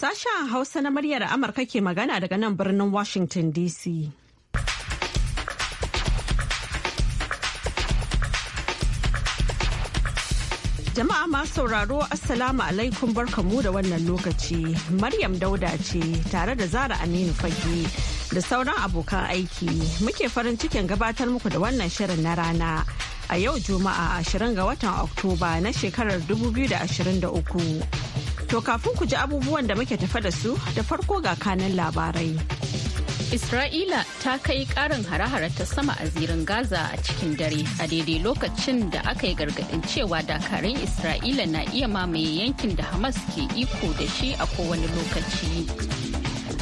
Sashen Hausa na muryar Amurka ke magana daga nan birnin Washington DC. Jama'a ma sauraro Assalamu alaikum barkamu da wannan lokaci. Maryam Dauda ce tare da Zara Aminu Fage da sauran abokan aiki muke farin cikin gabatar muku da wannan shirin na rana. A yau Juma'a 20 ga watan Oktoba na shekarar 2023. To kafin ku ji abubuwan da muke tafa da su da farko ga kanan labarai. Isra'ila ta kai karin hare-hare ta sama a zirin Gaza a cikin dare a daidai lokacin da aka yi gargaɗin cewa dakarun Isra'ila na iya mamaye yankin da Hamas ke iko da shi a kowane lokaci.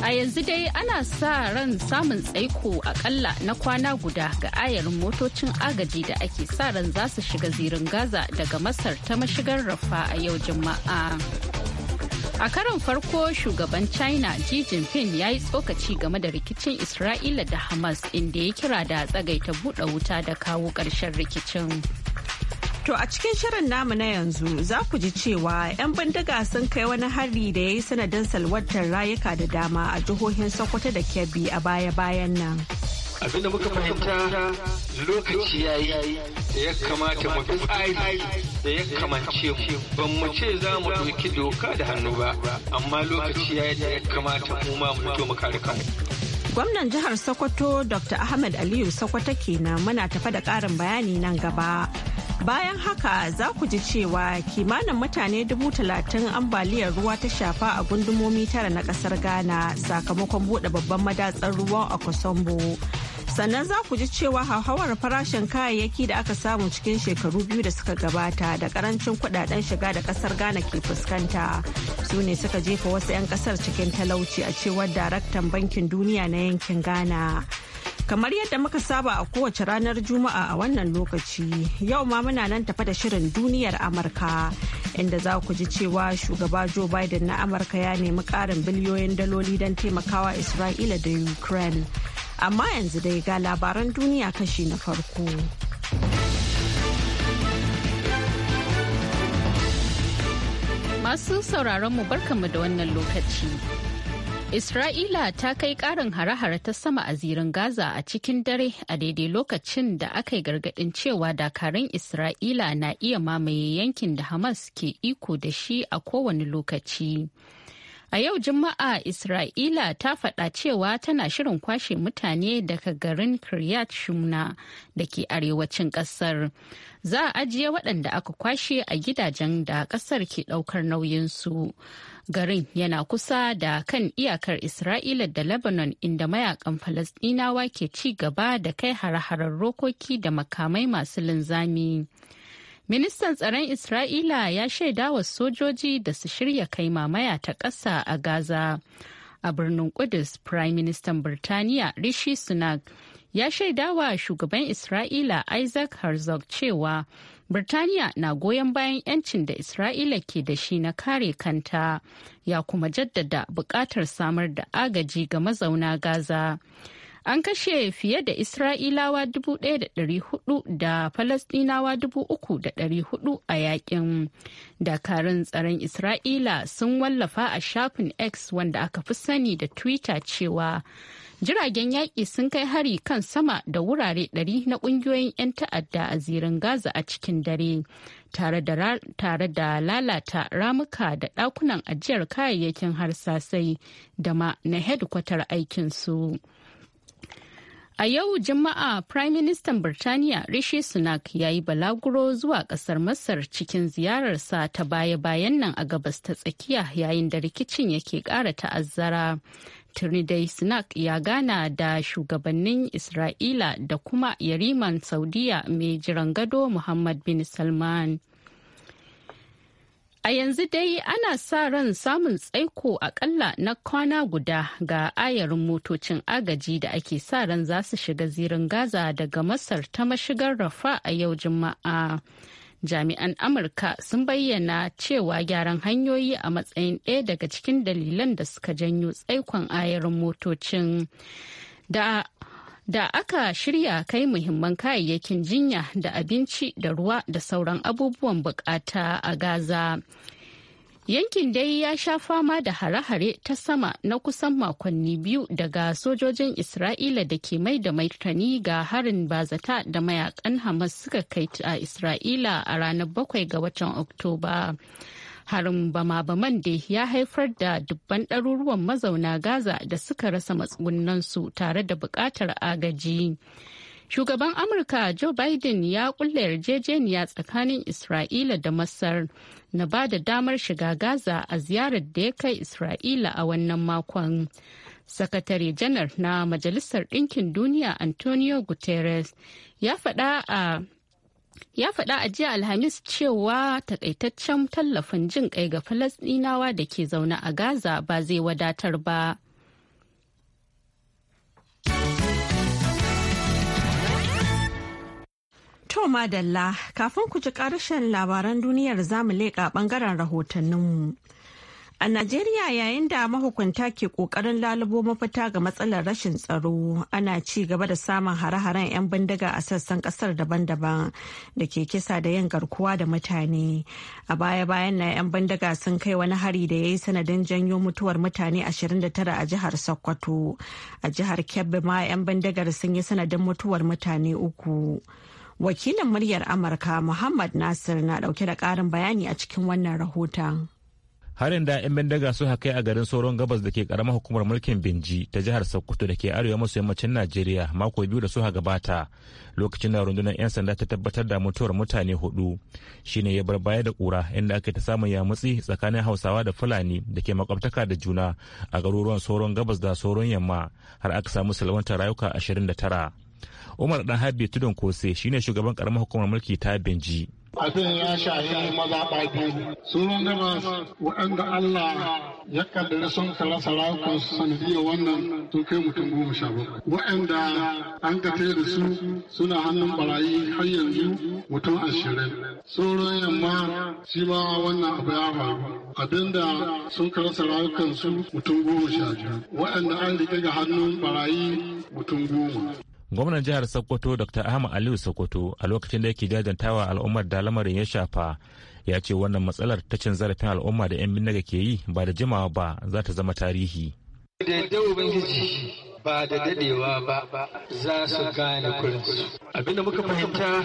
A yanzu dai ana sa ran samun tsaiko akalla na kwana guda ga ayarin motocin agaji da ake sa ran za su shiga zirin Gaza daga Masar ta mashigar Rafa a yau Juma'a. A karon farko shugaban China Xi Jinping ya yi tsokaci game da rikicin Isra'ila da Hamas inda ya kira da tsagaita buɗe wuta da kawo ƙarshen rikicin. To a cikin shirin namu na yanzu za ku ji cewa 'yan bindiga sun kai wani hari da ya yi sanadin salwantar rayuka da dama a jihohin Sokoto da Kebbi a baya-bayan nan. abinda muka fahimta lokaci ya yi da ya kamata mu tsari da ya kamance mu ban mu ce za mu ɗauki doka da hannu ba amma lokaci ya yi da ya kamata mu ma mu fito mu kare kanmu. Gwamnan jihar Sokoto Dr. Ahmed Aliyu Sokoto kenan muna tafa da ƙarin bayani nan gaba. Bayan haka za ku ji cewa kimanin mutane dubu talatin ambaliyar ruwa ta shafa a gundumomi tara na kasar Ghana sakamakon buɗe babban madatsar ruwan a Kosombo. sannan za ku ji cewa hauhawar farashin kayayyaki da aka samu cikin shekaru biyu da suka gabata da karancin kudaden shiga da kasar ghana ke fuskanta su ne suka jefa wasu 'yan kasar cikin talauci a cewar daraktan bankin duniya na yankin ghana kamar yadda muka saba a kowace ranar juma'a a wannan lokaci yau ma muna nan tafa da shirin duniyar amurka inda za ku ji cewa shugaba joe biden na amurka ya nemi karin biliyoyin daloli don taimakawa isra'ila da ukraine amma yanzu dai ga labaran duniya kashi na farko. Masu sauraron mu barkanmu da wannan lokaci. Isra'ila ta kai ƙarin hare-hare ta sama a zirin Gaza a cikin dare a daidai lokacin da aka yi gargaɗin cewa dakarun Isra'ila na iya mamaye yankin da Hamas ke iko da shi a kowane lokaci. A yau Juma'a Isra'ila ta faɗa cewa tana shirin kwashe mutane daga garin Kiryat Shumna da ke arewacin ƙasar. Za a ajiye waɗanda aka kwashe a gidajen da ƙasar ke ɗaukar nauyinsu. Garin yana kusa da kan iyakar Isra'ila da Lebanon inda mayakan Falasɗinawa ke ci gaba da kai har harar rokoki da makamai masu linzami. Ministan tsaron Isra'ila ya shaida wa sojoji da su shirya kai mamaya ta ƙasa a Gaza. A birnin Kudus, Prime Ministan Birtaniya Rishi Sunak ya shaida wa shugaban Isra'ila Isaac Herzog cewa Birtaniya na goyon bayan 'yancin da Isra'ila ke da shi na kare kanta, ya kuma jaddada buƙatar samar da agaji ga mazauna Gaza. an kashe fiye da isra'ilawa 1,400 da falasdinawa 3,400 a yakin dakarun tsaron isra'ila sun wallafa a shafin x wanda aka fi sani da twitter cewa jiragen yaƙi sun kai hari kan sama da wurare 100 na ƙungiyoyin 'yan ta'adda a zirin gaza a cikin dare tare da lalata ramuka da ɗakunan ajiyar kayayyakin harsasai da ma na hedkwatar aikinsu. su A yau Juma'a Prime Minister Birtaniya Rishi Sunak ya yi balaguro zuwa kasar Masar cikin ziyararsa ta baya-bayan nan a gabas ta tsakiya yayin da rikicin yake ƙara ta'azzara. Trinidad Sunak ya gana da shugabannin Isra'ila da kuma yariman Saudiya mai jiran gado Muhammad bin Salman. A yanzu dai ana sa ran samun tsaiko akalla na kwana guda ga ayarin motocin agaji da ake sa ran za su shiga zirin Gaza daga Masar ta mashigar Rafa a yau Juma'a. Jami'an Amurka sun bayyana cewa gyaran hanyoyi a matsayin ɗaya daga cikin dalilan da suka janyo tsaikon ayarin motocin. Da da aka shirya kai muhimman kayayyakin jinya da abinci da ruwa da sauran abubuwan bukata a Gaza. Yankin dai ya sha fama da hare-hare ta sama na kusan makonni biyu daga sojojin Isra'ila da ke mai da maitani ga harin bazata da mayakan Hamas suka kai a Isra'ila a ranar 7 ga watan Oktoba. harin bama-baman da ya haifar da dubban ɗaruruwan mazauna gaza da suka rasa matsugunansu tare da buƙatar agaji shugaban amurka joe biden ya ƙulla yarjejeniya tsakanin isra'ila da masar na ba da damar shiga gaza a ziyarar da ya kai isra'ila a wannan makon sakatare janar na majalisar ɗinkin duniya antonio guterres ya faɗa a ya faɗa a jiya alhamis cewa takaitaccen tallafin jin kai ga falasɗinawa da ke zaune a gaza ba zai wadatar ba To madalla kafin ku ji ƙarshen labaran duniyar zamu leƙa ɓangaren rahotanninmu. A Najeriya yayin da mahukunta ke kokarin lalubo mafita ga matsalar rashin tsaro ana ci gaba da samun hare-haren 'yan bindiga a sassan kasar daban-daban da ke kisa da yin garkuwa da mutane. A baya-bayan na 'yan bindiga sun kai wani hari da ya yi sanadin janyo mutuwar mutane 29 a jihar Sokoto. A jihar Kebbi ma 'yan bindigar sun yi sanadin mutuwar mutane uku. Wakilin muryar Amurka Muhammad Nasir na ɗauke da ƙarin bayani a cikin wannan rahoton. harin da 'yan bindiga suka kai a garin sauran gabas da ke karamar hukumar mulkin binji ta jihar sokoto da ke arewa maso yammacin najeriya mako biyu da suka gabata lokacin da rundunar 'yan sanda ta tabbatar da mutuwar mutane hudu shine ya bar baya da kura inda aka ta samun yamutsi tsakanin hausawa da fulani da ke makwabtaka da juna a garuruwan sauran gabas da sauran yamma har aka samu salwantar rayuka ashirin da tara umar dan habi tudun kose shine shugaban karamar hukumar mulki ta benji abin ya shahi mazaɓa biyu sunan gabas waɗanda Allah ya kaddara sun kala sarakun sanadiyar wannan sun kai mutum goma sha bakwai waɗanda an ka da su suna hannun barayi har yanzu mutum ashirin sauran yamma shi ma wannan abu ya faru abinda sun kala su mutum goma sha biyu waɗanda an riƙe ga hannun barayi mutum goma gwamnan jihar sokoto dr ahmad aliyu sokoto a lokacin da yake jajantawa al'ummar da lamarin ya shafa ya ce wannan matsalar ta cin zarafin al'umma da 'yan bindiga ke yi ba da jimawa ba za ta zama tarihi ba da dadewa ba za su gane kurinsu abinda muka fahimta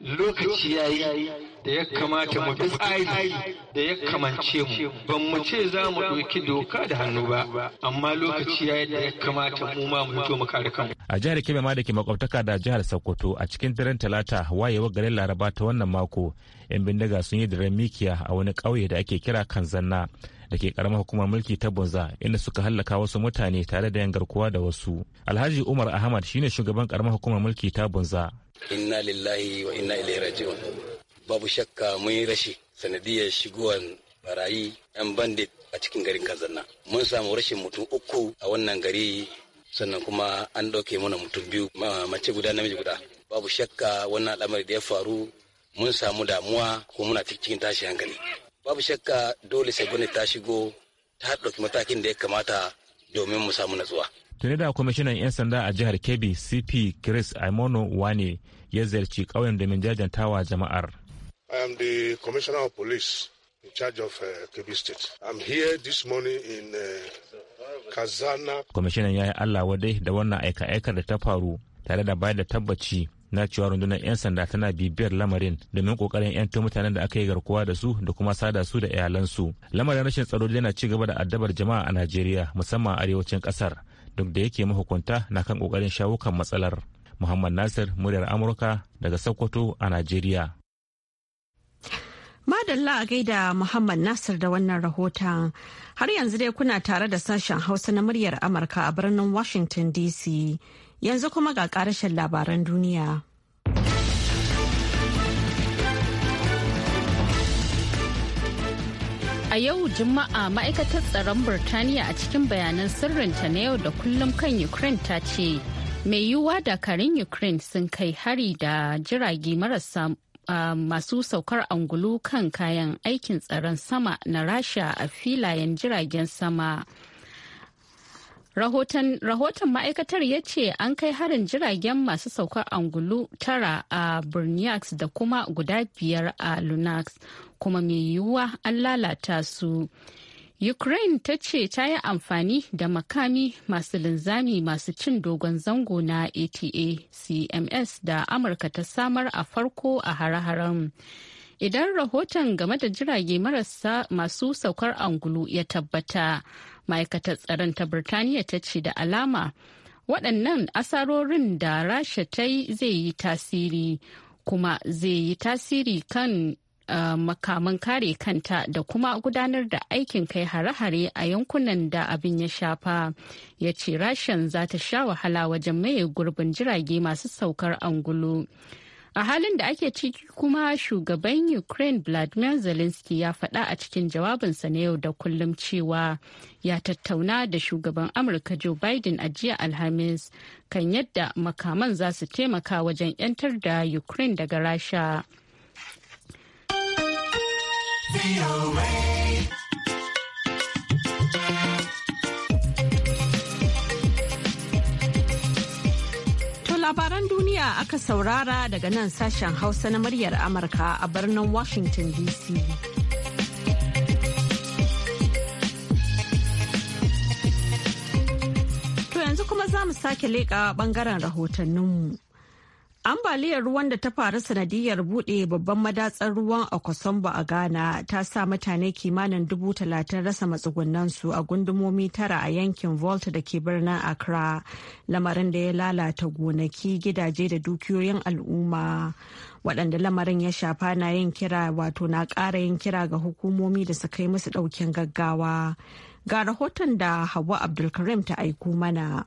lokaci yayi da ya kamata mu bi tsari da ya kamance mu ban mu ce za mu ɗauki doka da hannu ba amma lokaci ya da ya kamata mu ma mu to mu kare kanmu. a jihar kebbi ma da ke makwabtaka da jihar sokoto a cikin daren talata wayewar garin laraba ta wannan mako yan bindiga sun yi daren mikiya a wani ƙauye da ake kira kanzanna da ke karamar hukumar mulki ta bunza inda suka hallaka wasu mutane tare da yan garkuwa da wasu alhaji umar ahmad shine shugaban karamar hukumar mulki ta bunza inna lillahi wa inna ilaihi raji'un babu shakka mun yi rashi sanadiyar shigowar barayi yan bandit a cikin garin kazanna mun samu rashin mutum uku a wannan gari sannan kuma an ɗauke mana mutum biyu mace guda namiji guda babu shakka wannan al'amari da ya faru mun samu damuwa ko muna cikin tashi hankali babu shakka dole sai gwamnati ta shigo ta ɗauki matakin da ya kamata domin mu samu natsuwa tuni da kwamishinan 'yan sanda a jihar kebbi cp chris aimono wane ya ziyarci ƙauyen domin jajantawa jama'ar I am the Commissioner of Police in charge of uh, Kebbi State. I'm here this morning in uh, Kazana. Kwamishinan ya yi Allah wadai da wannan aika-aikar da ta faru tare da bayar da tabbaci na cewa rundunar 'yan sanda tana bibiyar lamarin domin kokarin 'yan mutanen da aka yi garkuwa da su da kuma sada su da iyalansu. Lamarin rashin tsaro yana ci gaba da addabar jama'a a Najeriya musamman a arewacin kasar duk da yake mahukunta na kan kokarin shawukan matsalar. Muhammad Nasir, muryar Amurka daga Sokoto a Najeriya. Madalla a gaida Muhammad Nasir da wannan rahoton. Har yanzu dai kuna tare da sashen Hausa na muryar Amurka a birnin Washington DC. Yanzu kuma ga karashen labaran duniya. A yau Juma'a ma'aikatar tsaron Burtaniya a cikin bayanan sirrinta na yau da kullum kan Ukraine ta ce, mai yiwuwa dakarun Ukraine sun kai hari da jirage marasa Um, masu saukar angulu kan kayan aikin tsaron sama na rasha a filayen jiragen sama rahoton ma'aikatar ya ce an kai harin jiragen masu saukar angulu tara a burniax da kuma guda biyar a lunax kuma mai yiwuwa an lalata su Ukraine ta ce ta yi amfani da makami masu linzami masu cin dogon zango na ATA CMS da Amurka ta samar a farko a hare-haren. Idan rahoton game da jirage marasa masu saukar angulu ya tabbata, ma'aikatar tsaron ta Birtaniya ta ce da alama waɗannan asarorin da rasha ta yi zai yi tasiri kuma zai yi tasiri kan makaman kare kanta da kuma gudanar da aikin kai hare-hare a yankunan da abin ya shafa ya ce rashin za ta sha wahala wajen maye gurbin jirage masu saukar angulu a halin da ake ciki kuma shugaban ukraine vladimir zelensky ya faɗa a cikin jawabinsa na yau da kullum cewa ya tattauna da shugaban amurka joe biden a jiya alhamis kan yadda makaman za su taimaka wajen 'yantar da ukraine daga rasha labaran duniya aka saurara daga nan sashen hausa na muryar amurka a birnin washington dc to yanzu kuma za mu sake leƙa bangaren rahotanninmu Ambaliyar ruwan da ta faru sanadiyar bude babban madatsar ruwan a Kwasamba a Ghana ta sa mutane kimanin dubu talatin rasa matsugunansu a gundumomi tara a yankin Volta da ke birnin Accra, lamarin da ya lalata gonaki, gidaje da dukiyoyin al'umma. Waɗanda lamarin ya shafa na yin kira wato na ƙara yin kira ga hukumomi da su kai musu ɗaukin gaggawa. Ga rahoton da hawa Abdulkarim ta aiko mana.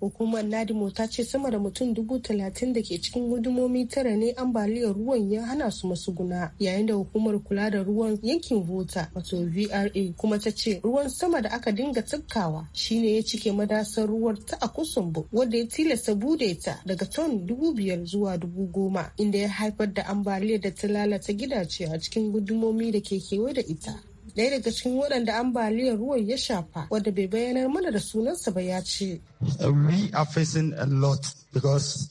Hukumar Nadimo ta ce sama da mutum dubu talatin da ke cikin gudumomi tara ne ambaliyar ruwan ya hana su masuguna yayin da hukumar kula da ruwan yankin Vota wato VRA kuma ta ce ruwan sama da aka dinga tukkawa shine ya cike madasar ruwar ta a Kusumbu wadda ya tilasta bude ta daga ton dubu biyar zuwa dubu goma inda ya haifar da ambaliyar da ta lalata gidaje a cikin gudumomi da ke kewaye da ita. ɗaya daga cikin waɗanda ambaliyar ruwan ya shafa wadda bai bayanar mana da sunansa ba ya ce. We are facing a lot because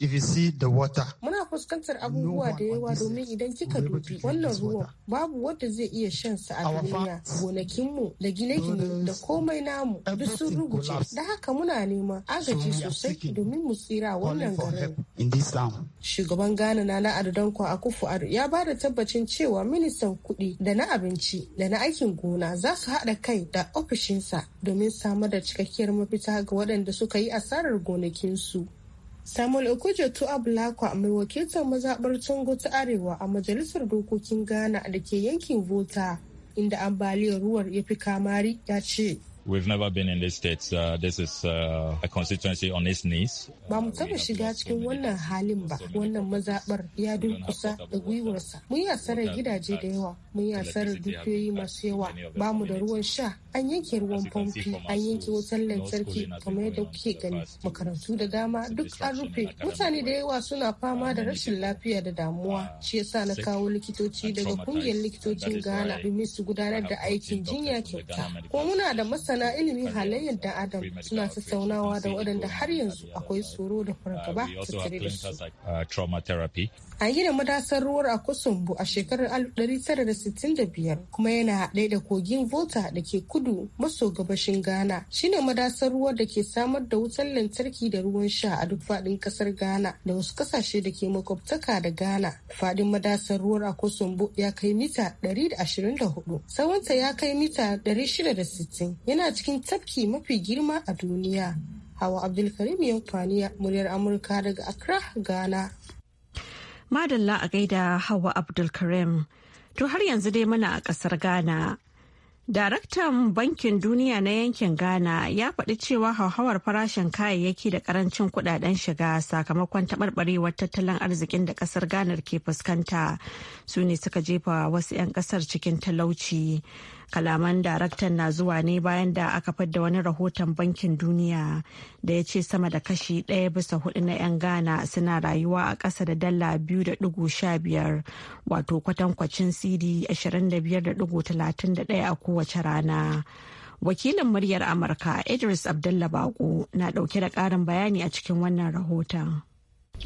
muna fuskantar abubuwa da yawa domin idan kika dubi wannan ruwa babu wanda zai iya shan sa a duniya gonakinmu da gine-gine da komai namu duk sun rubuce da haka muna nema agaji sosai domin mu tsira wannan garin shugaban ghana na na a Kufu ado ya ba da tabbacin cewa ministan kuɗi da na abinci da na aikin gona za su haɗa kai da ofishinsa domin samar da cikakkiyar mafita ga waɗanda suka yi asarar gonakinsu Samuel Okujo Tuabulakwa mai wakiltar mazaɓar Congo ta Arewa a Majalisar Dokokin Ghana da ke yankin Vota inda ambaliyar ruwar ya fi kamari ya ce. We've never been in this state. Uh, this is uh, a constituency on its knees. Ba mu taba shiga cikin wannan halin ba. Wannan mazaɓar, ya kusa da gwiwarsa. Mun yi asarar gidaje da yawa. Mun yi asarar dukiyoyi masu yawa. Ba mu da ruwan sha. an yanke ruwan famfi an yanke wutar lantarki kamar yadda kuke gani makarantu da dama duk an rufe mutane da yawa suna fama da rashin lafiya da damuwa shi yasa na kawo likitoci daga kungiyar likitocin ghana domin su gudanar da aikin jinya kyauta ko muna da masana ilimin halayyar da adam suna tattaunawa da waɗanda har yanzu akwai tsoro da fargaba uh, tattare da su A yi da madasar ruwar a Kusumbu a shekarar 1965 kuma yana haɗe da kogin Volta da ke kudu maso gabashin Ghana. Shine madasar ruwa da ke samar da wutar lantarki da ruwan sha a duk faɗin ƙasar Ghana da wasu ƙasashe da ke makwabtaka da Ghana. Faɗin madasar ruwar a Kusumbu ya kai mita 124. Tsawonta ya kai mita 660. Yana cikin tafki mafi girma a duniya. Hawa Abdulkarim Yankwaniya, muryar Amurka daga Accra, Ghana. Madalla a gaida Hawa Abdulkarim. To har yanzu dai muna a ƙasar Ghana. Daraktan Bankin Duniya na yankin Ghana ya faɗi cewa hauhawar farashin kayayyaki da ƙarancin kuɗaɗen shiga sakamakon taɓarɓarewar tattalin arzikin da ƙasar Ghana ke fuskanta su ne suka jefa wasu 'yan ƙasar cikin talauci. kalaman daraktan na zuwa ne bayan da aka fadda wani rahoton bankin duniya da ya ce sama da kashi ɗaya bisa hudu na 'yan ghana suna rayuwa a ƙasa da dala biyu da ɗigo sha biyar wato kwatankwacin cd ashirin da biyar da talatin da ɗaya a kowace rana wakilin muryar amurka idris abdullah bako na ɗauke da ƙarin bayani a cikin wannan rahoton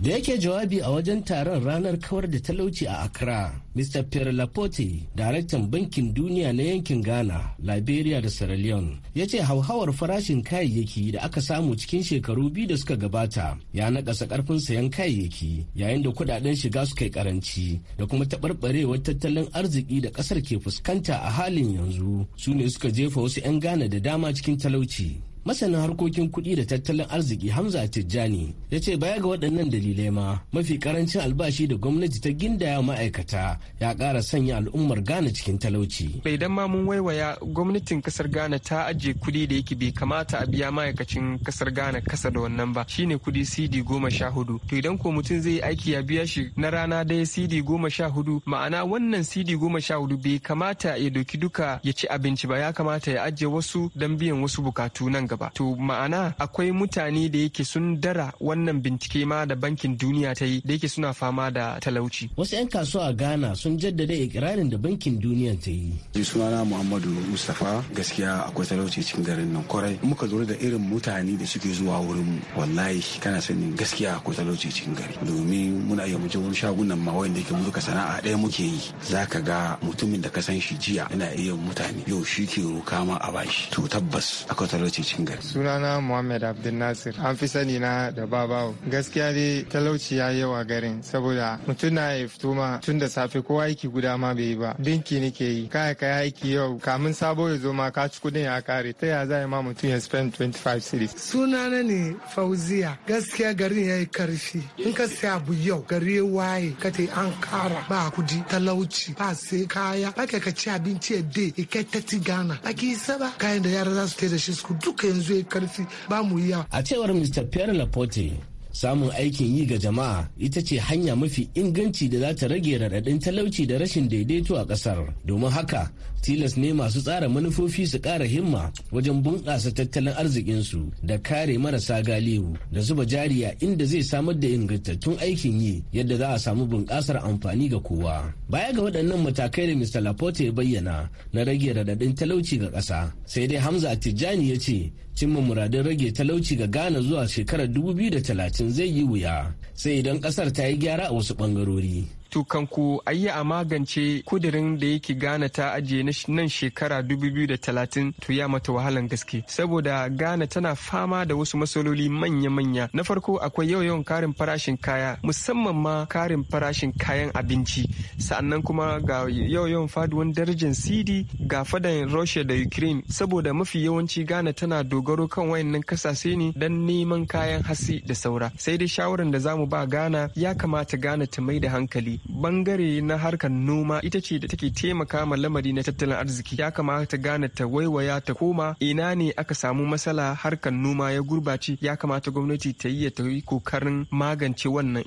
Da yake jawabi a wajen taron ranar kawar da talauci a Accra, Mr. Pierre Laporte, daraktan bankin duniya na yankin Ghana, Liberia da Sierra Leone, ya ce hauhawar farashin kayayyaki da aka samu cikin shekaru biyu da suka gabata ya nakasa karfin sayan kayayyaki yayin da kudaden shiga suka yi karanci da kuma taɓarɓarewar tattalin arziki da ƙasar ke fuskanta a halin yanzu su ne suka jefa wasu 'yan Ghana da dama cikin talauci. masanin harkokin kuɗi da tattalin arziki hamza tijjani ya ce baya ga waɗannan dalilai ma mafi karancin albashi da gwamnati ta gindaya ma'aikata ya kara sanya al'ummar ghana cikin talauci bai dan ma mun waiwaya gwamnatin kasar ghana ta ajiye kuɗi da yake bai kamata a biya ma'aikacin kasar ghana kasa da wannan ba shine kuɗi cd goma sha hudu to idan ko mutum zai aiki ya biya shi na rana daya cd goma sha hudu ma'ana wannan cd goma sha hudu bai kamata ya doki duka ya ci abinci ba ya kamata ya ajiye wasu don biyan wasu bukatu nan gaba to ma'ana akwai mutane da yake sun dara wannan bincike ma da bankin duniya ta yi da yake suna fama da talauci wasu 'yan kasuwa a ghana sun jaddada ikirarin da bankin duniya ta yi sunana muhammadu mustapha gaskiya akwai talauci cikin garin nan kwarai muka zo da irin mutane da suke zuwa wurin wallahi kana sanin gaskiya akwai talauci cikin gari domin muna iya muje wurin shagunan ma wanda yake muka sana'a ɗaya muke yi zaka ga mutumin da ka san shi jiya yana iya mutane yau shi ke roka ma a bashi to tabbas akwai talauci cikin cikin gari. Sunana Muhammad Abdul Nasir. An fi sani na da babawo. Gaskiya dai talauci ya yi yawa garin saboda mutum na ya fito ma tun da safe kowa aiki guda ma bai yi ba. Dinki nake yi. Kaya ka aiki yau kamun sabo ya zo ma ka ci kudin ya kare. Ta ya zai ma mutum ya spend 25 cities. Sunana ne Fauziya. Gaskiya garin ya yi karfi. In ka sai abu yau gari ya waye ka ta an kara ba kudi talauci ba sai kaya. Ba ka ci abinci dai, ka yi ta 30 gana. Ba ki saba kayan da yara za su ta da shi su duka yanzu ya karfi ba mu yi A cewar Mr. Pierre Laporte, samun aikin yi ga jama'a ita ce hanya mafi inganci da za ta rage raɗaɗin talauci da rashin daidaito a ƙasar domin haka tilas ne masu tsara manufofi su ƙara himma wajen bunƙasa tattalin arzikinsu da kare marasa galihu da zuba jari a inda zai samar da ingantattun aikin yi yadda za a samu bunƙasar amfani ga kowa. Baya ga waɗannan matakai da Mr. Laporte ya bayyana na rage radadin talauci ga ƙasa, sai dai Hamza Tijjani ya ce cimma muradin rage talauci ga Ghana zuwa shekarar 2030 zai yi wuya sai idan ƙasar ta yi gyara a wasu ɓangarori. tukanku a yi a magance kudirin da yake gana ta ajiye nan shekara 2030 to ya mata wahalan gaske saboda gana tana fama da wasu matsaloli manya-manya na farko akwai yawan karin farashin kaya musamman ma karin farashin kayan abinci sannan kuma ga yawan faduwan darajar cd ga fadan Russia da Ukraine saboda mafi yawanci gana tana dogaro kan wayannan kasashe ne don neman kayan hasi da saura sai dai shawaran da zamu ba Ghana ya kamata gana ta mai da hankali bangare na harkar noma ita ce da take taimaka ma lamari na tattalin arziki ya kamata gane ta waiwaya ta koma ina ne aka samu matsala harkar noma ya gurbace ya kamata gwamnati ta yi ta yi kokarin magance wannan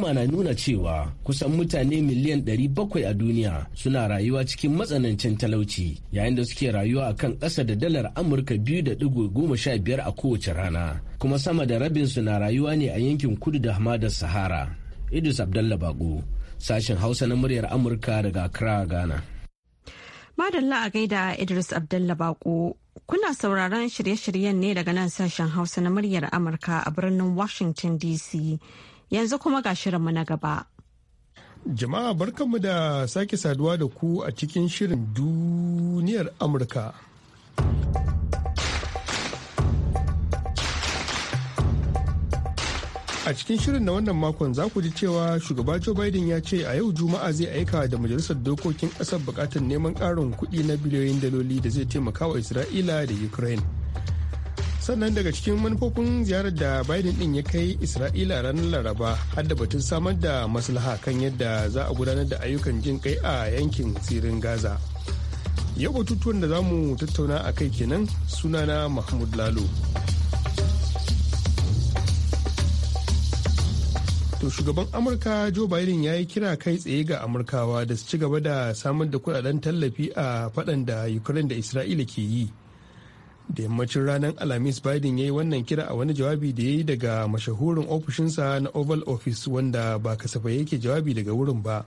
ma na nuna cewa kusan mutane miliyan 700 a duniya suna rayuwa cikin matsanancin talauci yayin da suke rayuwa a kan ƙasa da dalar amurka biyu da goma sha biyar a kowace rana kuma sama da rabin su na rayuwa ne a yankin kudu da hamadar sahara idris abdallah bago Sashen Hausa na muryar Amurka daga Accra, Ghana. Madalla a gaida Idris Abdullah Bako. Kuna sauraron shirye-shiryen ne daga nan sashen Hausa na muryar Amurka a birnin Washington DC. Yanzu kuma ga shirinmu na gaba. Jama'a barkanmu da sake saduwa da ku a cikin shirin duniyar Amurka. a cikin shirin na wannan makon za ku ji cewa shugaba joe biden ya ce a yau juma'a zai aika da majalisar dokokin ƙasar bukatar neman ƙarin kuɗi na biliyoyin daloli da zai taimaka wa isra'ila da ukraine sannan daga cikin manufofin ziyarar da biden din ya kai isra'ila ranar laraba har da batun samar da maslaha kan yadda za a gudanar da ayyukan jin kai a yankin tsirin gaza yau batutuwan da za mu tattauna a kai kenan sunana mahmud lalo to shugaban amurka joe biden ya yi kira kai tsaye ga amurkawa da su ci gaba da samar da kudaden tallafi a faɗan da ukraine da isra'ila ke yi da yammacin ranar alhamis biden ya yi wannan kira a wani jawabi da ya yi daga mashahurin ofishinsa na oval office wanda ba kasafai yake jawabi daga wurin ba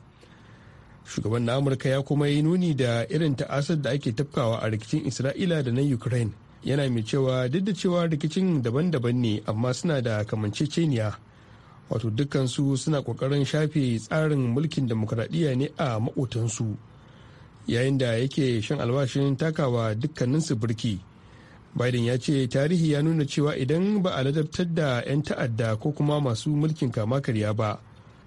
shugaban na amurka ya kuma yi nuni da irin ta'asar da ake tafkawa a rikicin isra'ila da na ukraine yana mai cewa duk da cewa rikicin daban-daban ne amma suna da kamanceceniya wato dukkansu suna kokarin shafe tsarin mulkin demokuraɗiyya ne a maƙotansu yayin da yake shan albashin takawa dukkaninsu birki biden ya ce tarihi ya nuna cewa idan ba a ladabtar da 'yan ta'adda ko kuma masu mulkin kama karya ba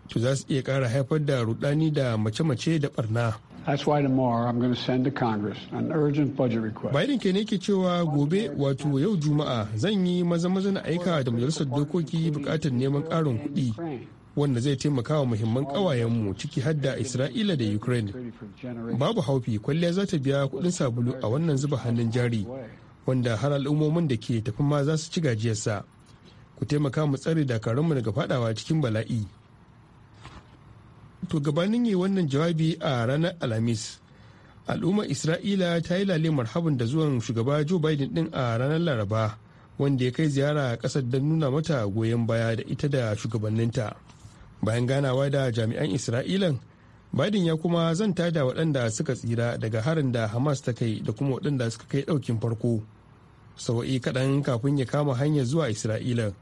to za su iya ƙara haifar da rudani da mace-mace da barna. That's why tomorrow I'm going to send to Congress an urgent budget request. Biden ke ne ke cewa gobe wato yau Juma'a zan yi maza maza na aika da majalisar dokoki bukatar neman ƙarin kuɗi wanda zai taimaka wa muhimman ƙawayenmu ciki har da Isra'ila da Ukraine. Babu haufi kwalliya za ta biya kuɗin sabulu a wannan zuba hannun jari wanda har al'ummomin da ke tafi ma za su ci gajiyarsa. Ku taimaka mu tsare dakarunmu daga fadawa cikin bala'i. to gabanin yi wannan jawabi a ranar alhamis al'ummar isra'ila ta yi lale marhabin da zuwan shugaba joe biden din a ranar laraba wanda ya kai ziyara kasar don nuna mata goyon baya da ita da shugabanninta bayan ganawa da jami'an isra'ilan biden ya kuma zanta da waɗanda suka tsira daga harin da hamas ta kai da kuma waɗanda suka kai ɗaukin farko sau'i kaɗan kafin ya kama hanyar zuwa Isra'ilan.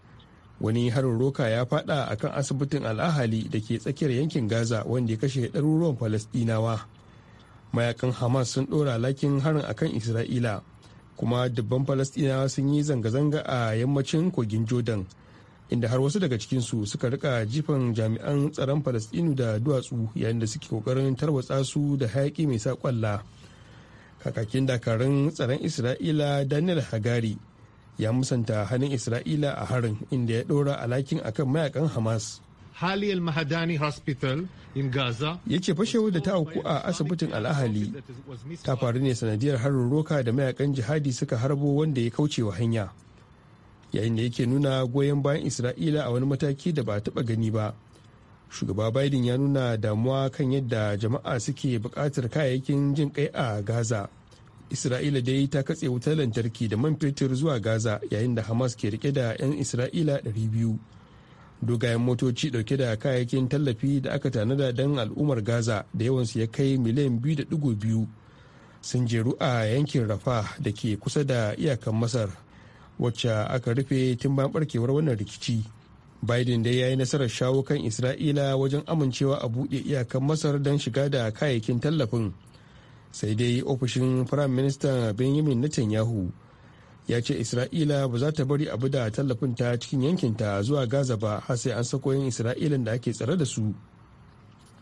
wani harin roka ya fada akan asibitin al'ahali da ke tsakiyar yankin gaza wanda ya kashe ɗaruruwan falasɗinawa mayakan hamas sun ɗora lakin harin akan isra'ila kuma dubban falasɗinawa sun yi zanga-zanga a yammacin kogin jordan inda har wasu daga cikinsu suka rika jifan jami'an tsaron falasɗinu da duwatsu yayin da suke kokarin tarwatsa su da hayaki mai sa kwalla kakakin dakarun tsaron isra'ila daniel hagari ya musanta hannun isra'ila a harin inda ya ɗora alakin akan mayakan hamas Hali Al-Mahadani Hospital in Gaza. Ya ce fashewar da ta auku a asibitin al'ahali ta faru ne sanadiyar harin roka da mayakan jihadi suka harbo wanda ya kauce wa hanya. Yayin da yake nuna goyon bayan Isra'ila a wani mataki da ba a taɓa gani ba. Shugaba Biden ya nuna damuwa kan yadda jama'a suke buƙatar kayayyakin jin kai a Gaza. isra'ila dai ta katse wutar lantarki da man fetur zuwa gaza yayin da hamas ke rike da 'yan isra'ila 200 dogayen motoci dauke da kayayyakin tallafi da aka tanada don al'ummar gaza da yawansu ya kai miliyan 2.2 sun jeru a yankin rafa da ke kusa da iyakan masar wacce aka rufe tun bayan barkewar wannan rikici biden dai ya yi nasarar shawo kan isra'ila wajen amincewa a buɗe iyakan masar don shiga da kayayyakin tallafin sai dai ofishin firayim minista benjamin netanyahu ya ce isra'ila ba za ta bari abu da tallafin ta cikin yankinta zuwa gaza ba har sai an sako yan isra'ilan da ake tsare da su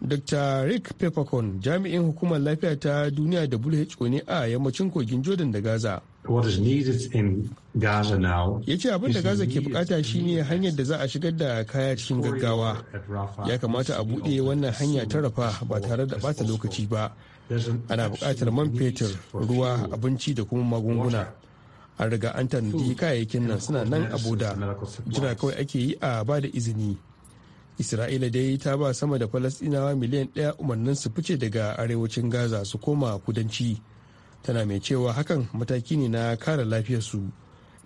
dr rick peppercorn jami'in hukumar lafiya ta duniya who ne a yammacin kogin jordan da gaza ya ce abin da gaza ke bukata shine hanyar da za a shigar da kaya cikin gaggawa ya kamata a buɗe wannan hanya ta rafa ba tare da bata lokaci ba ana bukatar man fetur ruwa abinci da kuma magunguna an riga an tanadi kayayyakin nan suna nan a boda jira kawai ake yi a ba da izini isra'ila dai ta ba sama da falastinawa miliyan ɗaya umarnin su fice daga arewacin gaza su koma kudanci tana mai cewa hakan mataki ne na kare lafiyarsu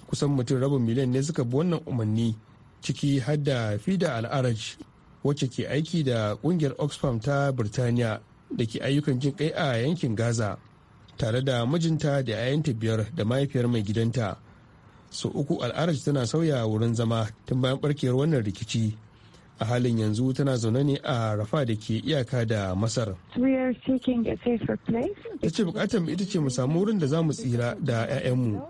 kusan mutum rabin miliyan ne suka bi wannan umarni ciki har da fida al'araj wacce ke aiki da kungiyar oxfam ta birtaniya da ke ayyukan jin kai a yankin gaza tare da mijinta da 'ya'yanta biyar da mahaifiyar mai gidanta sau uku al'araj tana sauya wurin zama tun bayan barkewar wannan rikici a halin yanzu tana zaune ne a rafa da ke iyaka da masar ta ce bukatar ita ce mu samu wurin da za mu tsira da 'ya'yanmu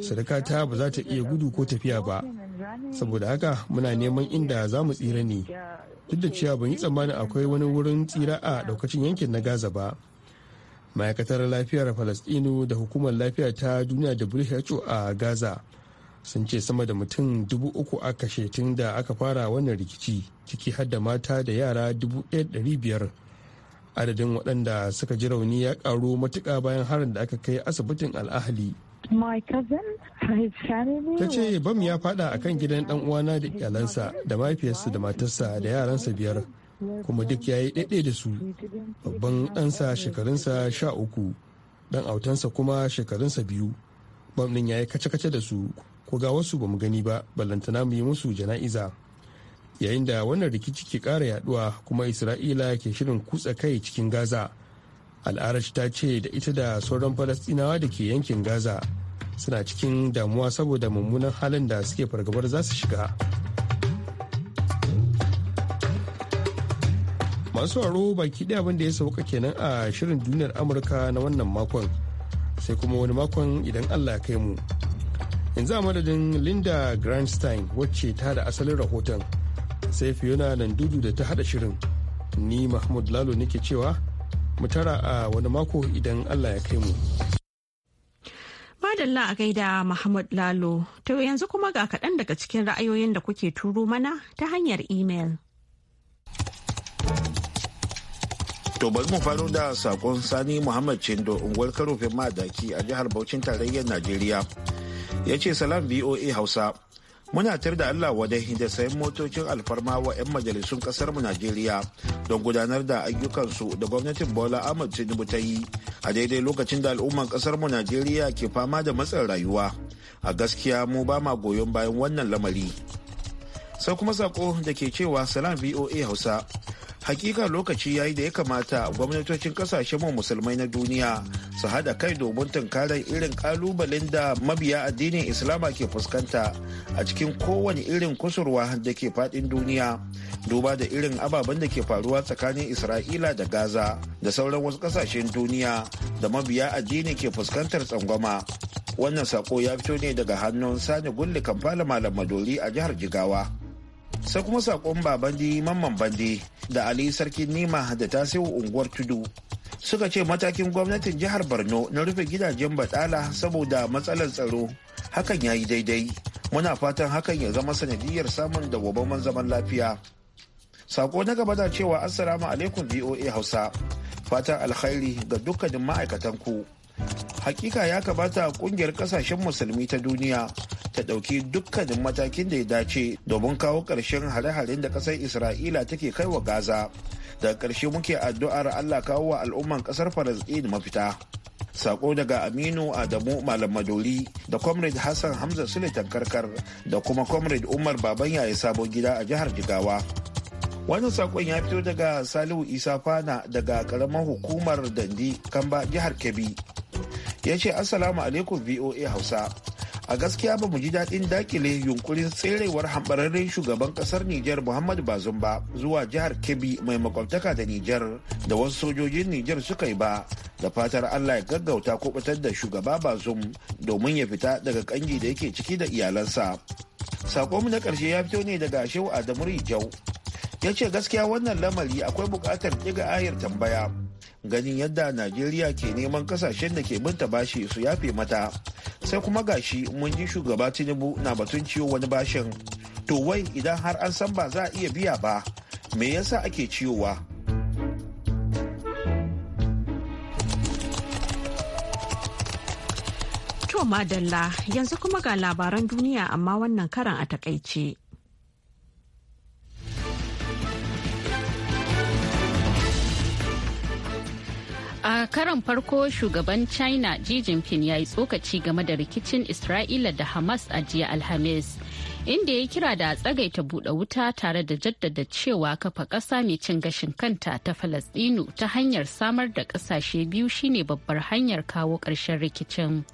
sadaka ta ba za ta iya gudu ko tafiya ba saboda haka muna neman inda za mu tsira ne duk da cewa ban yi tsammanin akwai wani wurin tsira a daukacin yankin na gaza ba ma'aikatar lafiyar falastinu da hukumar lafiya ta duniya who a gaza sun ce sama da mutum dubu uku a kashe tun da aka fara wannan rikici ciki har da mata da yara dubu biyar adadin waɗanda suka ji rauni ya ƙaru matuƙa bayan harin da aka kai asibitin al'ahali ta ce bam ya fada a kan gidan dan uwana da iyalansa da mahaifiyarsa da matarsa da yaransa biyar kuma duk ya yi ɗaiɗai da su babban ɗansa shekarunsa sha uku ɗan autansa kuma shekarunsa biyu bam ɗin ya yi kace-kace da su ko ga wasu bamu gani ba ballantana mu yi musu jana'iza yayin da wannan rikici ke ƙara yaduwa kuma isra'ila ke shirin kutsa kai cikin gaza al'arash ta ce da ita da sauran falastinawa da ke yankin gaza suna cikin damuwa saboda mummunan halin da suke fargabar za su shiga masu waro baki ɗaya abin da ya sauka kenan a shirin duniyar amurka na wannan makon sai kuma wani makon idan allah ya kai mu yanzu a madadin linda grandstein wacce ta da asalin rahoton sai fiona nan dudu da ta hada shirin ni mahmud lalo nake cewa mu tara a wani mako idan allah ya kai mu Madalla a gaida Muhammad Lalo, to yanzu kuma ga kaɗan daga cikin ra'ayoyin da kuke turo mana ta hanyar imel. To bari mu faru da sakon Sani Muhammad Chindo unguwar karofin madaki a jihar Bauchin tarayyar Najeriya. Ya ce salam VOA Hausa. muna tar da Allah wadai da sayan motocin alfarma wa 'yan majalisun kasar mu Najeriya don gudanar da ayyukansu da gwamnatin Bola Ahmed Tinubu ta yi a daidai lokacin da al'umman kasar mu Najeriya ke fama da matsin rayuwa. A gaskiya mu ba ma goyon bayan wannan lamari. Sai kuma sako da ke cewa salam VOA Hausa hakika lokaci yayi da ya kamata gwamnatocin kasashen musulmai na duniya su hada kai domin tunkarar irin kalubalen da mabiya addinin islama ke fuskanta a cikin kowane irin kusurwa da ke fadin duniya duba da irin ababen da ke faruwa tsakanin isra'ila da gaza da sauran wasu kasashen duniya da mabiya addini ke fuskantar tsangwama wannan sako ya fito ne daga hannun sani gulli kamfala malam madori a jihar jigawa sai kuma sakon babandi mamman bandi da ali sarkin nima da tasiru unguwar tudu suka ce matakin gwamnatin jihar borno na rufe gidajen baɗala saboda matsalar tsaro hakan ya yi daidai muna fatan hakan ya zama sanadiyar samun dawwammamen zaman lafiya sako na gaba da cewa assalamu alaikum voa hausa fatan alkhairi ga dukkanin ma'aikatan ku hakika ya kamata kungiyar kasashen musulmi ta duniya ta ɗauki dukkanin matakin da ya dace domin kawo ƙarshen hare-haren da ƙasar isra'ila take kai wa gaza daga ƙarshe muke addu'ar allah kawo wa al'umman ƙasar faransin mafita sako daga aminu adamu malam madori da comrade hassan hamza sule tankarkar da kuma comrade umar baban yaya sabon gida a jihar jigawa wannan sakon ya fito daga salihu isa fana daga karamar hukumar dandi kamba jihar kebbi ya ce assalamu alaikum voa hausa a gaskiya ba mu ji daɗin dakile yunkurin tserewar hambararren shugaban ƙasar Nijar Muhammadu Bazum ba zuwa jihar Kebbi mai makwabtaka da Nijar da wasu sojojin Nijar suka yi ba da fatar Allah ya gaggauta ko batar da shugaba Bazum domin ya fita daga kangi da yake ciki da iyalansa. mu na ƙarshe ya fito ne daga Shehu Adamu Rijau. Ya ce gaskiya wannan lamari akwai buƙatar ɗiga ayar tambaya. ganin yadda najeriya ke neman kasashen da ke binta bashi su yafe mata sai kuma gashi mun ji shugaba tinubu na batun ciwo wani bashin to wai idan har an san ba za a iya biya ba me yasa ake ciyowa to madalla yanzu kuma ga labaran duniya amma wannan karan a takaice a karan farko shugaban china xi jinping ya yi tsokaci game da rikicin isra'ila da hamas a jiya alhamis inda ya kira da tsagaita buɗe wuta tare da jaddada cewa kafa ƙasa mai cin gashin kanta ta falasɗinu ta hanyar samar da ƙasashe biyu shine babbar hanyar kawo ƙarshen rikicin.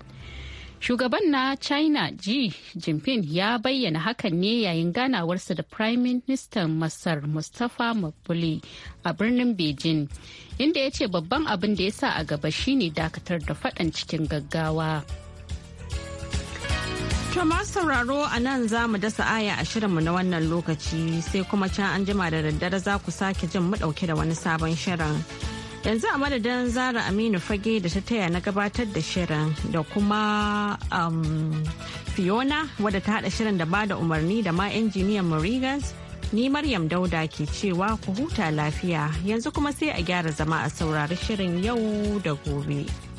Shugaban na China Xi Jinping ya bayyana hakan ne yayin ganawarsa da Prime Minister Masar Mustapha mabuli a birnin Beijing, inda ya ce babban abin da ya sa a gaba shine dakatar da fadan cikin gaggawa. To sauraro a nan za mu dasa aya a shirinmu na wannan lokaci sai kuma can an jima da daddare za ku sake jin mu dauke da wani sabon shirin. yanzu a madadin zara aminu fage da ta taya na gabatar da shirin da kuma um, fiona wadda ta hada shirin da bada umarni da ma injiniyan marigas ni maryam dauda ke cewa ku huta lafiya yanzu kuma sai a gyara zama a saurari shirin yau da gobe.